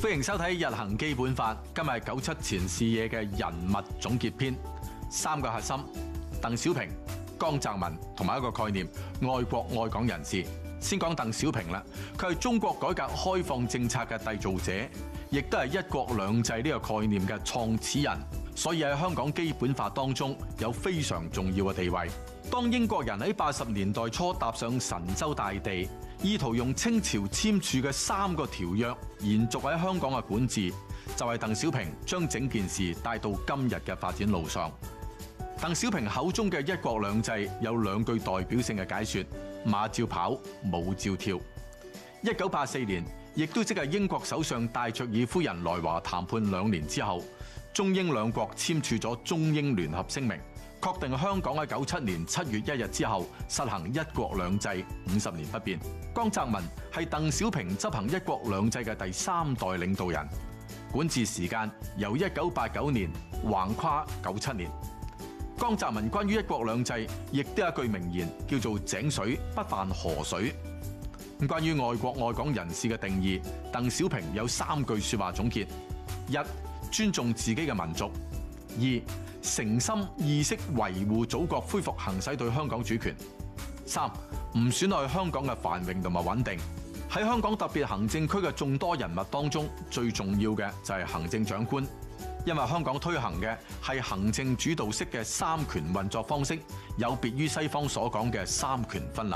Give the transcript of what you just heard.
歡迎收睇《日行基本法》，今日九七前視野嘅人物總結篇，三個核心：鄧小平、江澤民，同埋一個概念——愛國愛港人士。先講鄧小平啦，佢係中國改革開放政策嘅締造者，亦都係一國兩制呢個概念嘅創始人，所以喺香港基本法當中有非常重要嘅地位。當英國人喺八十年代初踏上神州大地，意圖用清朝簽署嘅三個條約延續喺香港嘅管治，就係鄧小平將整件事帶到今日嘅發展路上。鄧小平口中嘅一國兩制有兩句代表性嘅解說：馬照跑，舞照跳。一九八四年，亦都即係英國首相戴卓爾夫人來華談判兩年之後，中英兩國簽署咗《中英聯合聲明》。確定香港喺九七年七月一日之後實行一國兩制五十年不變。江澤民係鄧小平執行一國兩制嘅第三代領導人，管治時間由一九八九年橫跨九七年。江澤民關於一國兩制，亦都有一句名言，叫做井水不犯河水。關於愛國愛港人士嘅定義，鄧小平有三句說話總結：一、尊重自己嘅民族；二、誠心誠意擁護祖國，恢復行使對香港主權。三、唔損害香港嘅繁榮同埋穩定。喺香港特別行政區嘅眾多人物當中，最重要嘅就係行政長官，因為香港推行嘅係行政主導式嘅三權運作方式，有別於西方所講嘅三權分立。